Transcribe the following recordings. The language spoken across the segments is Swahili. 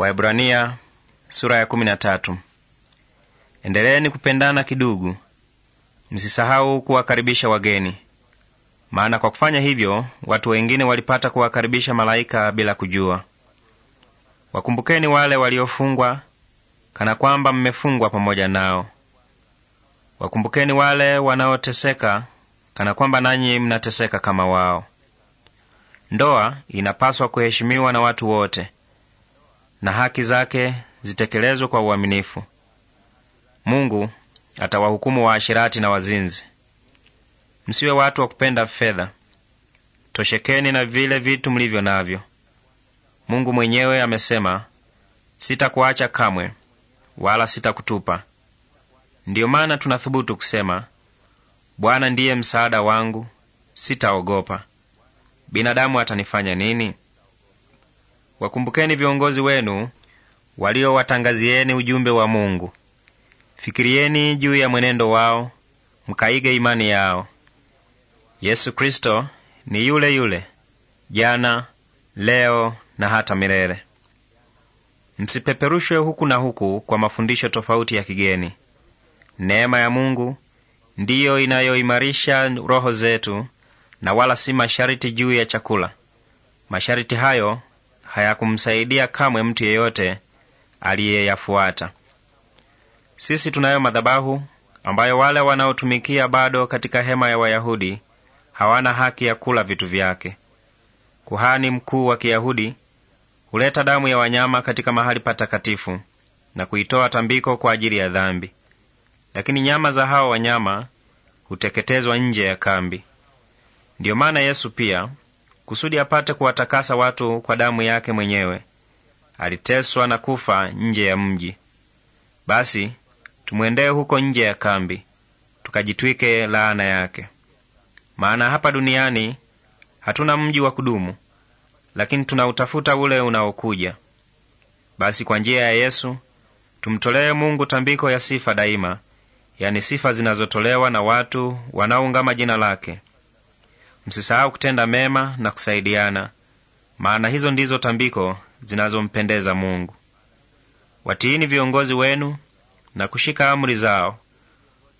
Waebrania sura ya kumi na tatu. Endeleeni kupendana kidugu, msisahau kuwakaribisha wageni, maana kwa kufanya hivyo watu wengine walipata kuwakaribisha malaika bila kujua. Wakumbukeni wale waliofungwa, kana kwamba mmefungwa pamoja nao. Wakumbukeni wale wanaoteseka, kana kwamba nanyi mnateseka kama wao. Ndoa inapaswa kuheshimiwa na watu wote na haki zake zitekelezwe kwa uaminifu. Mungu atawahukumu waashirati na wazinzi. Msiwe watu wa kupenda fedha. Toshekeni na vile vitu mlivyo navyo. Mungu mwenyewe amesema, sitakuacha kamwe, wala sitakutupa. Ndiyo maana tunathubutu kusema, Bwana ndiye msaada wangu, sitaogopa. Binadamu atanifanya nini? Wakumbukeni viongozi wenu waliowatangazieni ujumbe wa Mungu. Fikirieni juu ya mwenendo wao, mkaige imani yao. Yesu Kristo ni yule yule jana, leo na hata milele. Msipeperushwe huku na huku kwa mafundisho tofauti ya kigeni. Neema ya Mungu ndiyo inayoimarisha roho zetu, na wala si masharti juu ya chakula. Masharti hayo hayakumsaidia kamwe mtu yeyote aliyeyafuata. Sisi tunayo madhabahu ambayo wale wanaotumikia bado katika hema ya Wayahudi hawana haki ya kula vitu vyake. Kuhani mkuu wa Kiyahudi huleta damu ya wanyama katika mahali patakatifu na kuitoa tambiko kwa ajili ya dhambi, lakini nyama za hao wanyama huteketezwa nje ya kambi. Ndiyo maana Yesu pia kusudi apate kuwatakasa watu kwa damu yake mwenyewe. Aliteswa na kufa nje ya mji. Basi tumwendee huko nje ya kambi, tukajitwike laana yake. Maana hapa duniani hatuna mji wa kudumu, lakini tunautafuta ule unaokuja. Basi kwa njia ya Yesu tumtolee Mungu tambiko ya sifa daima, yani sifa zinazotolewa na watu wanaoungama jina lake. Msisahau kutenda mema na kusaidiana, maana hizo ndizo tambiko zinazompendeza Mungu. Watiini viongozi wenu na kushika amri zao.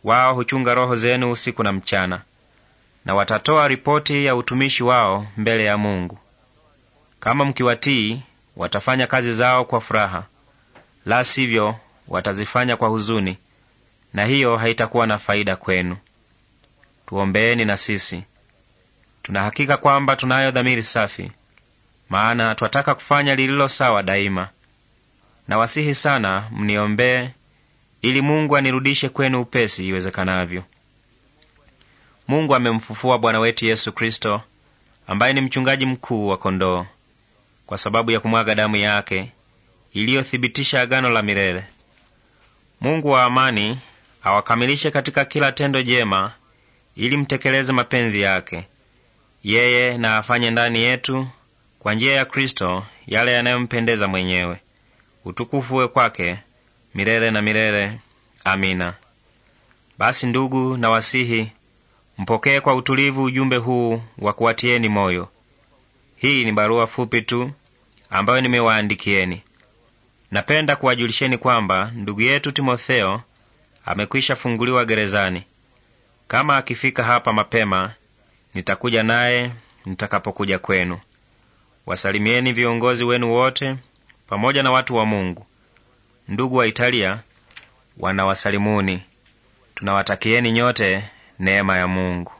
Wao huchunga roho zenu usiku na mchana, na watatoa ripoti ya utumishi wao mbele ya Mungu. Kama mkiwatii, watafanya kazi zao kwa furaha, la sivyo watazifanya kwa huzuni, na hiyo haitakuwa na faida kwenu. Tuombeeni na sisi hakika kwamba tunayo dhamiri safi, maana twataka kufanya lililo sawa daima. Nawasihi sana mniombee ili Mungu anirudishe kwenu upesi iwezekanavyo. Mungu amemfufua Bwana wetu Yesu Kristo, ambaye ni mchungaji mkuu wa kondoo, kwa sababu ya kumwaga damu yake iliyothibitisha agano la milele. Mungu wa amani awakamilishe katika kila tendo jema, ili mtekeleze mapenzi yake. Yeye na afanye ndani yetu kwa njia ya Kristo yale yanayompendeza mwenyewe. Utukufu uwe kwake milele na milele. Amina. Basi ndugu, na wasihi mpokee kwa utulivu ujumbe huu wa kuwatieni moyo. Hii ni barua fupi tu ambayo nimewaandikieni. Napenda kuwajulisheni kwamba ndugu yetu Timotheo amekwisha funguliwa gerezani. Kama akifika hapa mapema nitakuja naye nitakapokuja kwenu. Wasalimieni viongozi wenu wote pamoja na watu wa Mungu. Ndugu wa Italia wanawasalimuni. Tunawatakieni nyote neema ya Mungu.